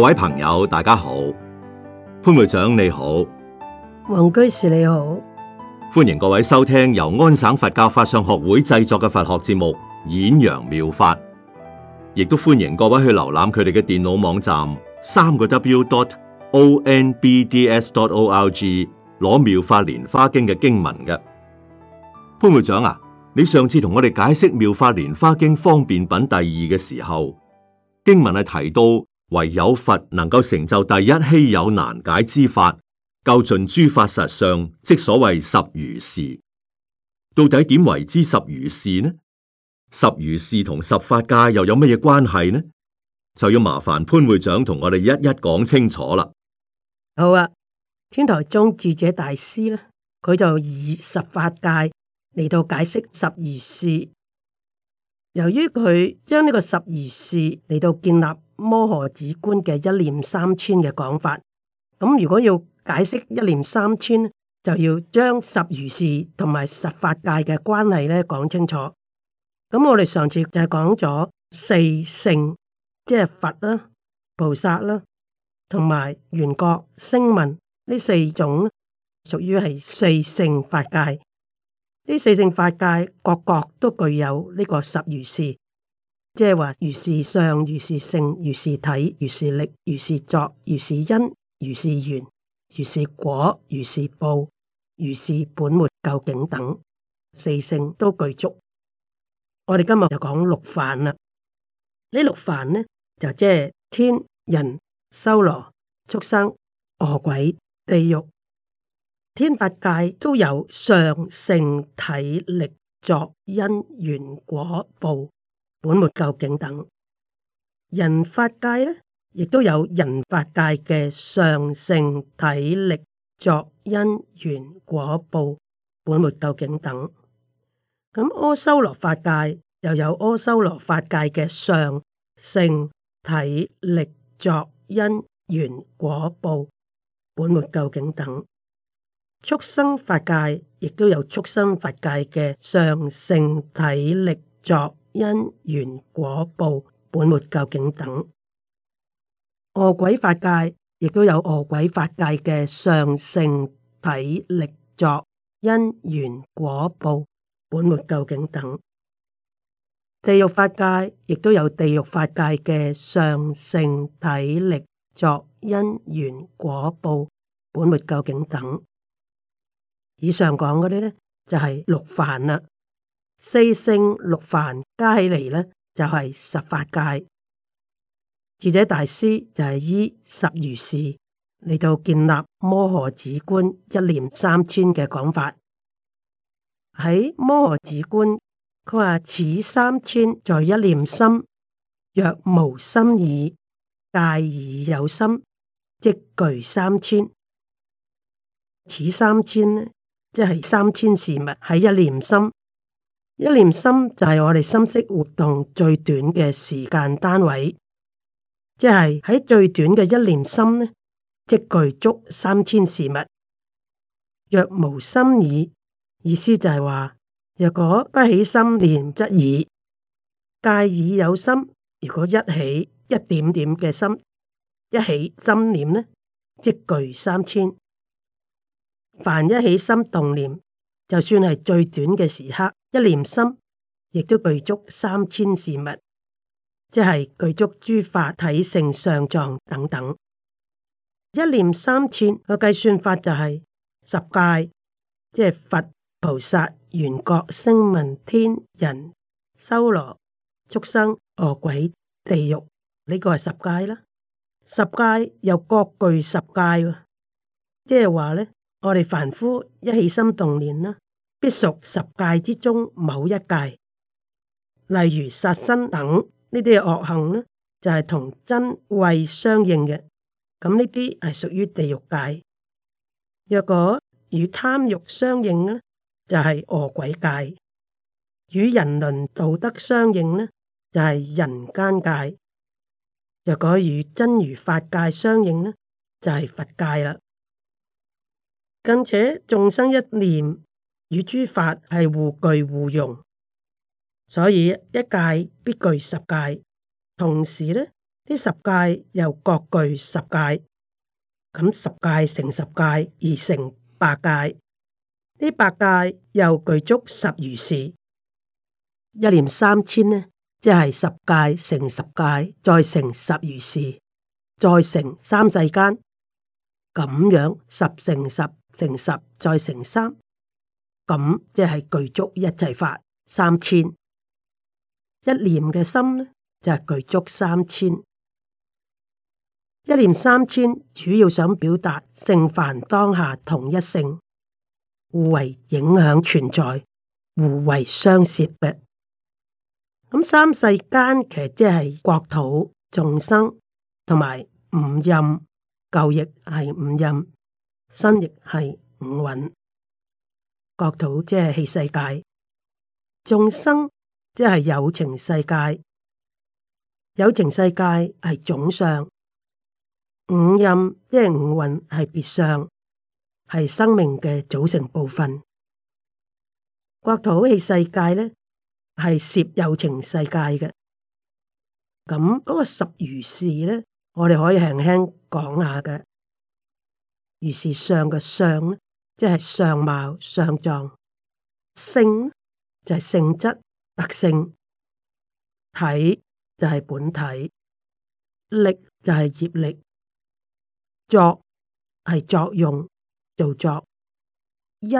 各位朋友，大家好，潘會長你好，王居士你好，歡迎各位收聽由安省佛教法相學會製作嘅佛學節目《演陽妙法》，亦都歡迎各位去瀏覽佢哋嘅電腦網站三個 W dot o N B D S 點 O L G 攞，妙法蓮花經嘅經文嘅。潘會長啊，你上次同我哋解釋妙法蓮花經方便品第二嘅時候，經文係提到。唯有佛能夠成就第一稀有難解之法，究盡諸法實相，即所謂十如是，到底點為之十如是呢？十如是同十法界又有乜嘢關係呢？就要麻煩潘會長同我哋一一講清楚啦。好啊，天台宗智者大師啦，佢就以十法界嚟到解釋十如是。由於佢將呢個十如是嚟到建立摩訶止觀嘅一念三千嘅講法，咁如果要解釋一念三千，就要將十如是同埋十法界嘅關係咧講清楚。咁我哋上次就係講咗四聖，即係佛啦、啊、菩薩啦、啊，同埋緣覺、聲聞呢四種，屬於係四聖法界。呢四聖法界各各都具有呢個十如是，即係話如是相、如是性、如是體、如是力、如是作、如是因、如是緣、如是果、如是報、如是本末究竟等四聖都具足。我哋今日就講六凡啦。呢六凡呢就即係天、人、修羅、畜生、餓鬼、地獄。天法界都有相性體力作因緣果報本末究竟等，人法界呢，亦都有人法界嘅相性體力作因緣果報本末究竟等。咁阿修羅法界又有阿修羅法界嘅相性體力作因緣果報本末究竟等。畜生法界亦都有畜生法界嘅相性體力作因緣果報本末究竟等，餓鬼法界亦都有餓鬼法界嘅相性體力作因緣果報本末究竟等，地獄法界亦都有地獄法界嘅相性體力作因緣果報本末究竟等。以上講嗰啲咧，就係、是、六凡啦，四聖六凡加起嚟咧，就係、是、十法界。智者大師就係依十如是嚟到建立摩訶止觀一念三千嘅講法。喺摩訶止觀，佢話：此三千在一念心，若無心意，介爾有心，即具三千。此三千咧。即係三千事物係一念心，一念心就係我哋心識活動最短嘅時間單位。即係喺最短嘅一念心呢，即具足三千事物。若無心耳，意思就係話，若果不起心念則已。介爾有心，如果一起一點點嘅心，一起心念呢，即具三千。凡一起心動念，就算係最短嘅時刻，一念心亦都具足三千事物，即係具足諸法體性、相狀等等。一念三千，個計算法就係十界，即係佛、菩薩、緣覺、聲聞、天人、修羅、畜生、餓鬼、地獄呢，這個係十界啦。十界又各具十界，即係話咧。我哋凡夫一起心動念啦，必屬十界之中某一界。例如殺生等呢啲惡行呢就係、是、同瞋恚相應嘅。咁呢啲係屬於地獄界。若果與貪慾相應嘅咧，就係、是、餓鬼界；與人倫道德相應呢就係、是、人間界。若果與真如法界相應呢就係、是、佛界啦。更且眾生一念與諸法係互具互用，所以一界必具十界，同時呢，呢十界又各具十界，咁十界乘十界而成百界，呢百界又具足十如是，一念三千呢，即係十界乘十界再乘十如是，再乘三世間，咁樣十乘十，乘十再乘三，咁即係具足一切法，三千一念嘅心就係具足三千一念三千，主要想表達聖凡當下同一性，互為影響存在，互為相涉嘅。咁三世間其實即係國土眾生同埋五陰，舊譯係五陰。身亦係五蘊，國土即係器世界，眾生即係有情世界。有情世界係總相，五陰即係五蘊，係別相，係生命嘅組成部分。國土器世界咧係涉有情世界嘅，咁嗰、那個十如是咧，我哋可以輕輕講下嘅。於是相嘅相，即係相貌、相狀；性就係、是、性質、特性；體就係、是、本體；力就係、是、業力；作係作用，做作，因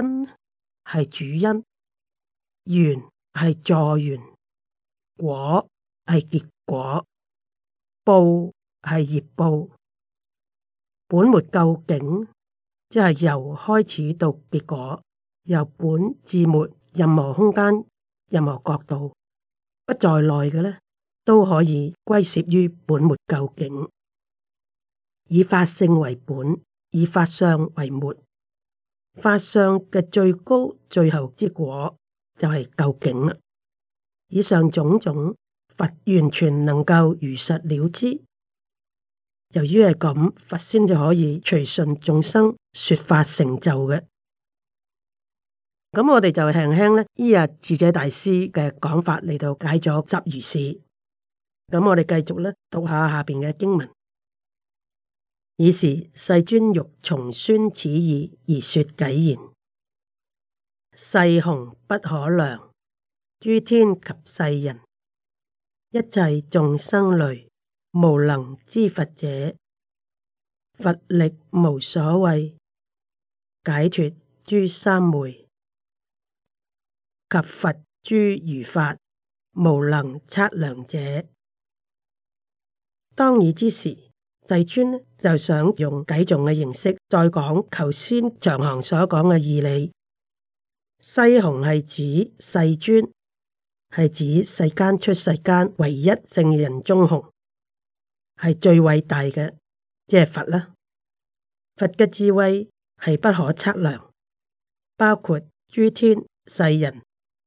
係主因；緣係助緣；果係結果；報係業報。本末究竟，即係由開始到結果，由本至末，任何空間、任何角度不在內嘅咧，都可以歸攝於本末究竟。以法性為本，以法相為末，法相嘅最高、最後結果就係、是、究竟啦。以上種種，佛完全能夠如實了知。由於係咁，佛先就可以隨順眾生說法成就嘅。咁我哋就輕輕咧，依日智者大師嘅講法嚟到解咗執如是。咁我哋繼續咧讀下下邊嘅經文。爾時世尊欲重宣此義而說偈言：世雄不可量，諸天及世人，一切眾生類，無能知佛者，佛力無所畏、解脱諸三昧及佛諸如法，無能測量者。當爾之時，世尊就想用偈頌嘅形式再講求先長行所講嘅義理。西雄係指，指世尊，係指世間出世間唯一聖人中雄。係最偉大嘅，即係佛啦。佛嘅智慧係不可測量，包括諸天、世人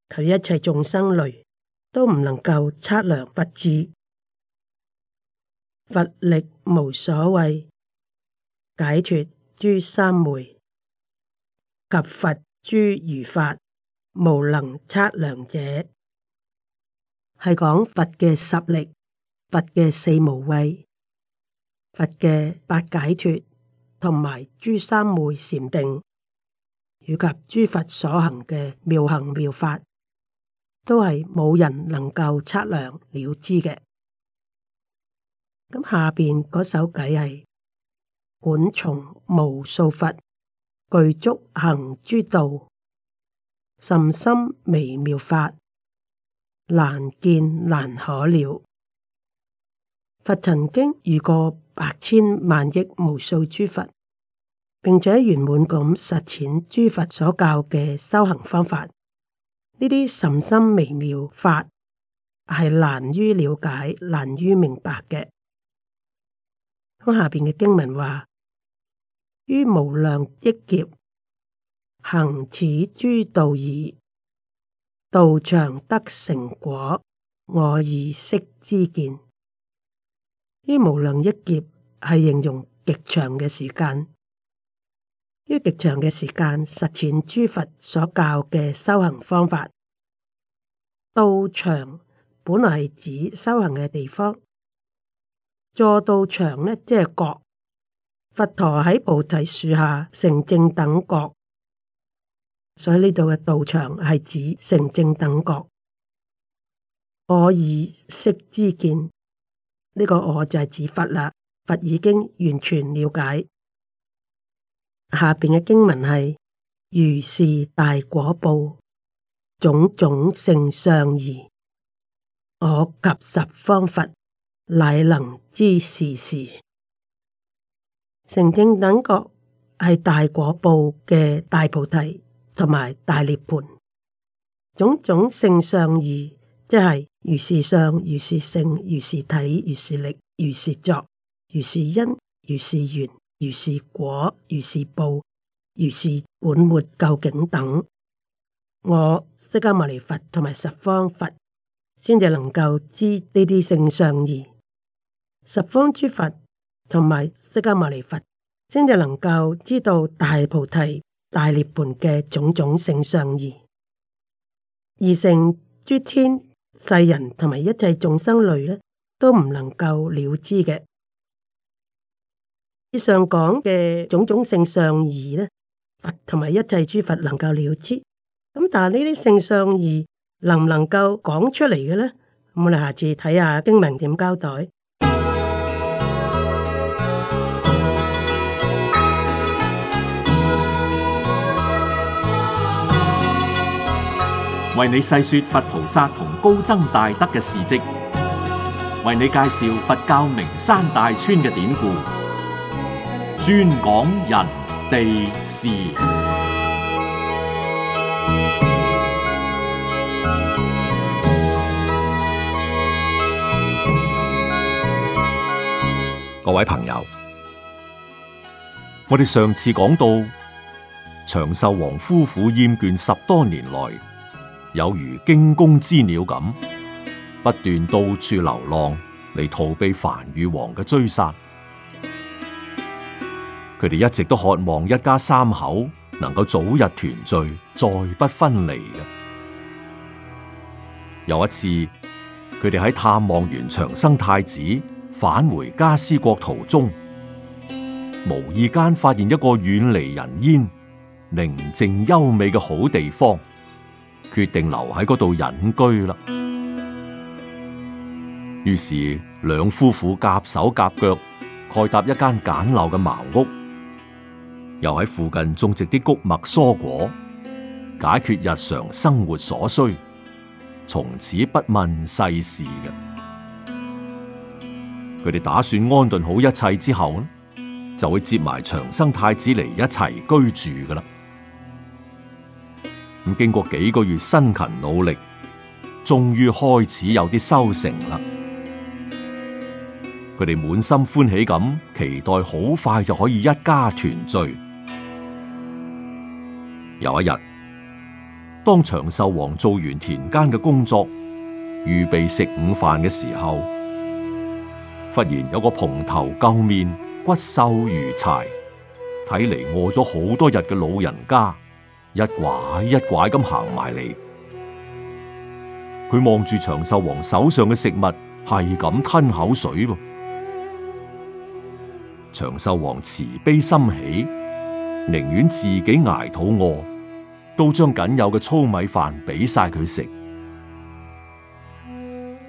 及一切眾生類，都唔能夠測量佛智。佛力無所畏，解脫諸三昧及佛諸餘法，無能測量者，係講佛嘅實力。佛嘅四無畏，佛嘅八解脫，同埋諸三昧禪定，以及諸佛所行嘅妙行妙法，都係冇人能夠測量了知嘅。咁下邊嗰首偈係：曾從無數佛，具足行諸道，甚深微妙法，難見難可了。佛曾經遇過百千萬億無數諸佛，並且圓滿咁實踐諸佛所教嘅修行方法。呢啲甚深微妙法係難於了解、難於明白嘅。咁下邊嘅經文話：於無量億劫行此諸道已。道場得成果，我已悉知見。於無量一劫係形容極長嘅時間。於極長嘅時間實踐諸佛所教嘅修行方法。道場本來係指修行嘅地方。坐道場呢，即係覺。佛陀喺菩提樹下成正等覺，所以呢度嘅道場係指成正等覺。我以色之見。呢個我就係指佛啦，佛已經完全了解。下邊嘅經文係如是大果報，種種性相義，我及十方佛乃能知是事，事。成正等覺，係大果報嘅大菩提同埋大涅槃，種種性相義，即係。如是相，如是性，如是體，如是力，如是作，如是因，如是緣，如是果，如是報，如是本末究竟等，我釋迦牟尼佛同埋十方佛先至能夠知呢啲性相義，十方諸佛同埋釋迦牟尼佛先至能夠知道大菩提大涅槃嘅種種性相義，而成諸天。世人同埋一切眾生類咧，都唔能夠了知嘅。以上講嘅種種性相義咧，佛同埋一切諸佛能夠了知。咁但係呢啲性相義能唔能夠講出嚟嘅咧？咁啊，我哋下次睇下經文點交代。為你細說佛菩薩同。高僧大德嘅事跡，為你介紹佛教名山大川嘅典故，專講人地事。各位朋友，我哋上次講到長壽王夫婦厭倦十多年來。有如驚弓之鳥咁，不斷到處流浪嚟，逃避梵豫王嘅追殺。佢哋一直都渴望一家三口能夠早日團聚，再不分離嘅。有一次，佢哋喺探望完長生太子，返回迦尸國途中，無意間發現一個遠離人煙、寧靜優美嘅好地方。決定留喺嗰度隱居啦。於是，兩夫婦夾手夾腳蓋搭一間簡陋嘅茅屋，又喺附近種植啲穀物蔬果，解決日常生活所需。從此不問世事嘅，佢哋打算安頓好一切之後呢，就會接埋長生太子嚟一齊居住噶啦。咁經過幾個月辛勤努力，終於開始有啲收成啦！佢哋滿心歡喜咁期待，好快就可以一家團聚。有一日，當長壽王做完田間嘅工作，預備食午飯嘅時候，忽然有個蓬頭垢面、骨瘦如柴、睇嚟餓咗好多日嘅老人家。一拐一拐咁行埋嚟，佢望住長壽王手上嘅食物，係咁吞口水噃。長壽王慈悲心起，寧願自己挨肚餓，都將僅有嘅粗米飯俾晒佢食。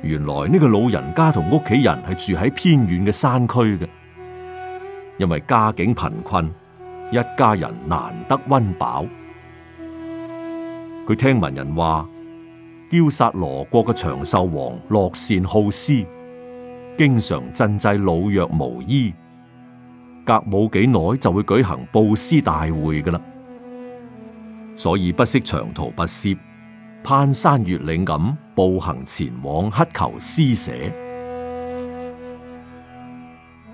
原來呢個老人家同屋企人係住喺偏遠嘅山區嘅，因為家境貧困，一家人難得溫飽。佢聽聞人話，焦剎羅國嘅長壽王樂善好施，經常賑濟老弱無依，隔冇幾耐就會舉行布施大會噶啦，所以不惜長途跋涉，攀山越嶺咁步行前往乞求施捨。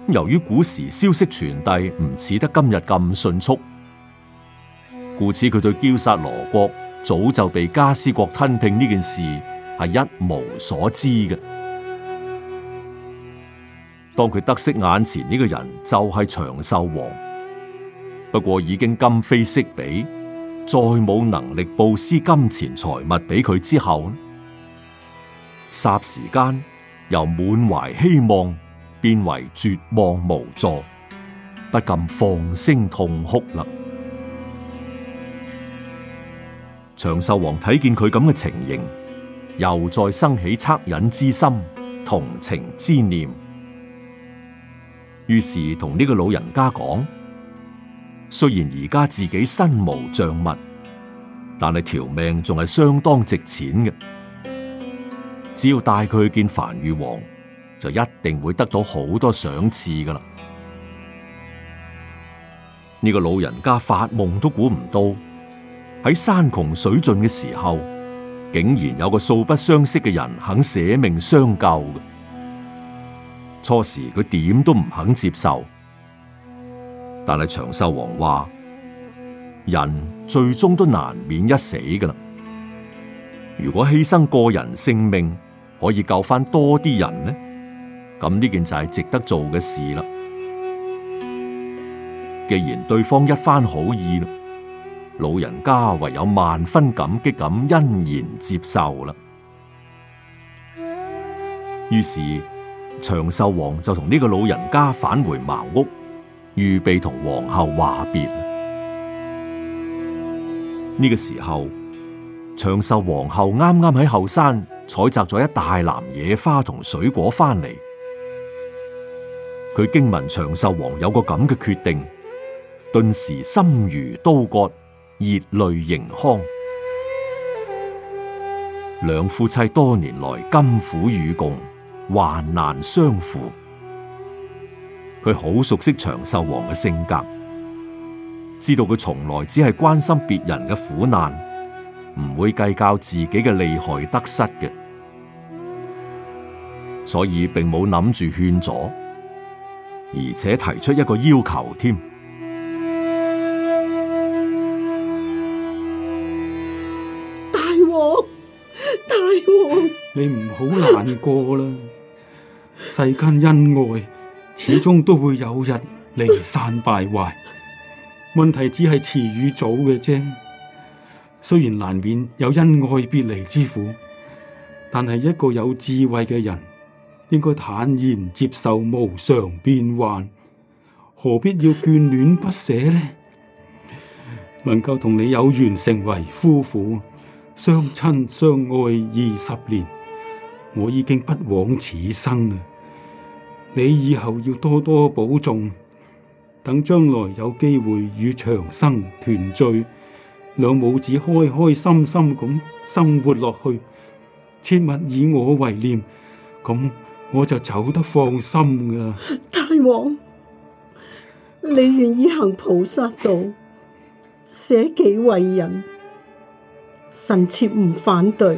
由於古時消息傳遞唔似得今日咁迅速，故此佢對焦剎羅國。早就被加斯國吞併呢件事係一無所知嘅。當佢得悉眼前呢個人就係長壽王，不過已經今非昔比，再冇能力布施金錢財物俾佢之後，霎時間由滿懷希望變為絕望無助，不禁放聲痛哭啦。長壽王睇見佢咁嘅情形，又再生起惻隱之心、同情之念，於是同呢個老人家講：雖然而家自己身無障物，但係條命仲係相當值錢嘅，只要帶佢去見梵豫王，就一定會得到好多賞賜噶啦。呢、這個老人家發夢都估唔到。喺山窮水盡嘅時候，竟然有個素不相識嘅人肯捨命相救。初時佢點都唔肯接受，但係長壽王話：人最終都難免一死㗎喇。如果犧牲個人性命可以救翻多啲人呢，咁呢件就係值得做嘅事啦。既然對方一番好意老人家唯有萬分感激咁欣然接受啦。於是長壽王就同呢個老人家返回茅屋，預備同皇后話別。呢個時候，長壽皇后啱啱喺後山採摘咗一大籃野花同水果翻嚟。佢驚聞長壽王有個咁嘅決定，頓時心如刀割。熱淚盈眶，兩夫妻多年來甘苦與共，患難相扶。佢好熟悉長壽王嘅性格，知道佢從來只係關心別人嘅苦難，唔會計較自己嘅利害得失嘅，所以並冇諗住勸阻，而且提出一個要求添。你唔好難過啦，世間恩愛始終都會有日離散敗壞，問題只係遲與早嘅啫。雖然難免有恩愛別離之苦，但係一個有智慧嘅人應該坦然接受無常變幻，何必要眷戀不捨呢？能夠同你有緣成為夫婦，相親相愛二十年。我已經不枉此生啦！你以後要多多保重，等將來有機會與長生團聚，兩母子開開心心咁生活落去，切勿以我為念，咁我就走得放心㗎。大王，你願意行菩薩道，捨己為人，臣妾唔反對。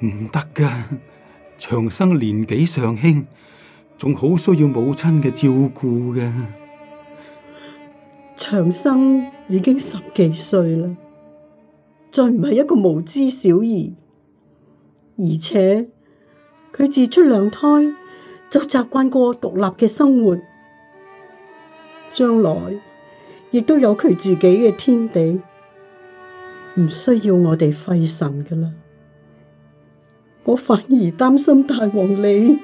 唔得噶，長生年紀尚輕，仲好需要母親嘅照顧噶。長生已經十幾歲啦，再唔係一個無知小兒，而且佢自出娘胎就習慣過獨立嘅生活，將來亦都有佢自己嘅天地，唔需要我哋費神噶啦。我反而擔心大王你，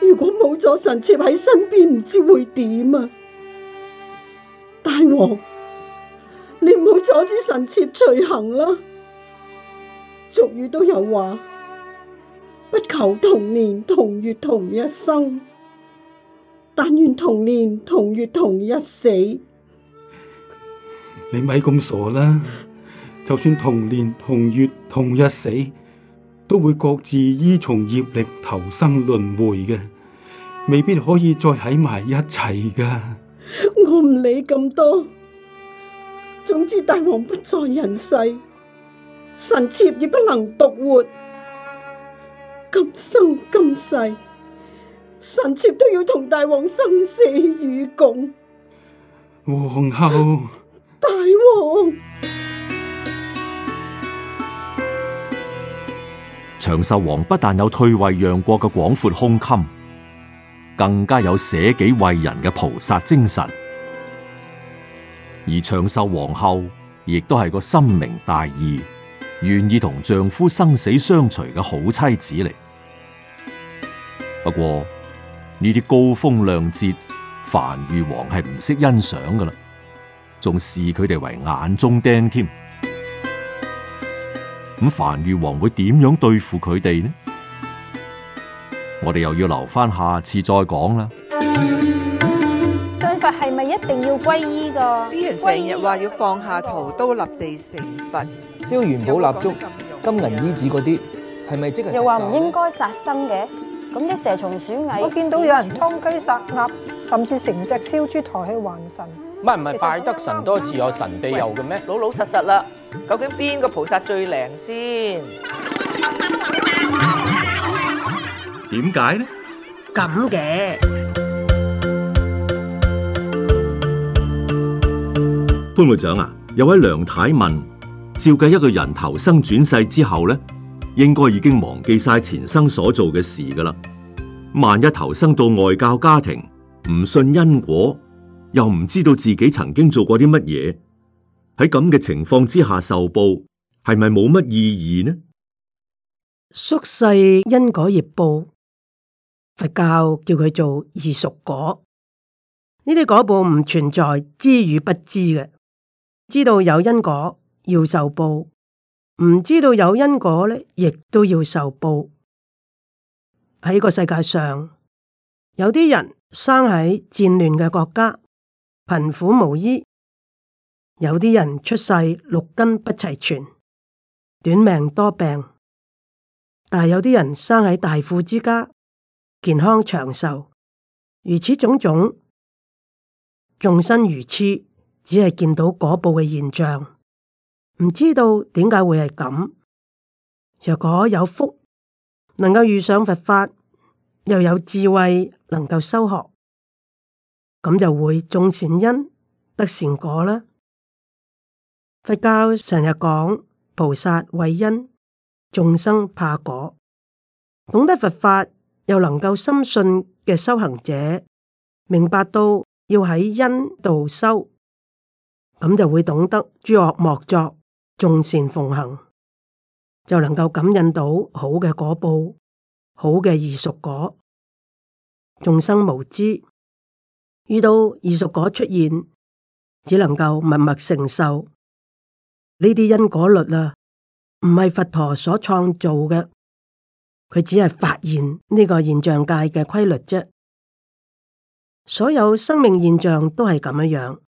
如果冇咗臣妾喺身邊，唔知會點啊！大王，你唔好阻止臣妾隨行啦。俗語都有話：不求同年同月同日生，但願同年同月同日死。你咪咁傻啦！就算同年同月同日死。都會各自依從業力投生輪迴嘅，未必可以再喺埋一齊噶。我唔理咁多，總之大王不在人世，臣妾亦不能獨活。今生今世，臣妾都要同大王生死與共。皇后，大王。長壽王不但有退位讓國嘅廣闊胸襟，更加有捨己為人嘅菩薩精神，而長壽皇后亦都係個深明大義、願意同丈夫生死相隨嘅好妻子嚟。不過呢啲高風亮節，梵豫王係唔識欣賞噶啦，仲視佢哋為眼中釘添。咁梵豫王會點樣對付佢哋呢？我哋又要留翻下次再講啦。信佛係咪一定要皈依噶？啲人成日話要放下屠刀，立地成佛，燒元寶、蠟燭、金銀衣紙嗰啲，係咪即係？又話唔應該殺生嘅，咁啲蛇蟲鼠蟻，我見到有人劏雞殺鴨，甚至成隻燒豬抬去還神。唔係唔係，拜得神多自有神庇佑嘅咩？老老實實啦。究竟邊個菩薩最靚先？點解呢？咁嘅潘會長啊，有位梁太問：照計一個人投生轉世之後呢，應該已經忘記晒前生所做嘅事噶啦。萬一投生到外教家庭，唔信因果，又唔知道自己曾經做過啲乜嘢。喺咁嘅情況之下受報，係咪冇乜意義呢？宿世因果業報，佛教叫佢做異熟果。呢啲果報唔存在知與不知嘅，知道有因果要受報，唔知道有因果咧，亦都要受報。喺個世界上，有啲人生喺戰亂嘅國家，貧苦無依。有啲人出世六根不齊全，短命多病；但有啲人生喺大富之家，健康長壽。如此種種，眾生如痴，只係見到果報嘅現象，唔知道點解會係咁。若果有福，能夠遇上佛法，又有智慧，能夠修學，咁就會種善因，得善果啦。佛教成日講菩薩畏因，眾生怕果。懂得佛法又能夠深信嘅修行者，明白到要喺因度修，咁就會懂得諸惡莫作，眾善奉行，就能夠感應到好嘅果報，好嘅異熟果。眾生無知，遇到異熟果出現，只能夠默默承受。呢啲因果律啊，唔係佛陀所創造嘅，佢只係發現呢個現象界嘅規律啫。所有生命現象都係咁樣樣，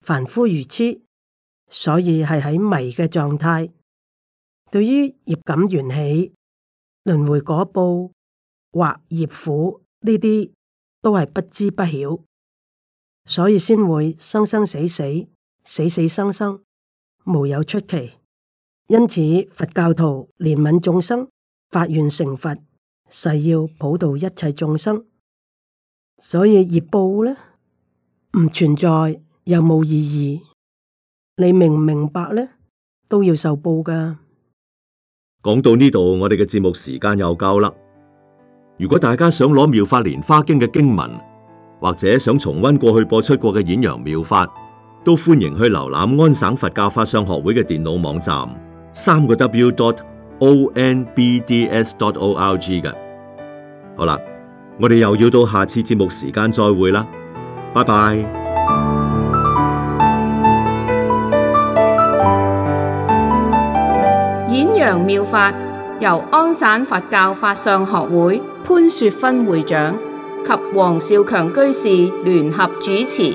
凡夫如痴，所以係喺迷嘅狀態。對於業感緣起、輪回果報或業苦呢啲，都係不知不曉，所以先會生生死死，死死生生。無有出奇，因此佛教徒憐憫眾生，發願成佛，誓要普渡一切眾生。所以業報咧唔存在又冇意義，你明唔明白咧都要受報噶。講到呢度，我哋嘅節目時間又夠啦。如果大家想攞《妙法蓮花經》嘅經文，或者想重溫過去播出過嘅演揚妙法。都歡迎去瀏覽安省佛教法相學會嘅電腦網站，三個 w.dot.o.n.b.d.s.dot.o.r.g 嘅。好啦，我哋又要到下次節目時間再會啦，拜拜。演揚妙法由安省佛教法相學會潘雪芬會長及黃少強居士聯合主持，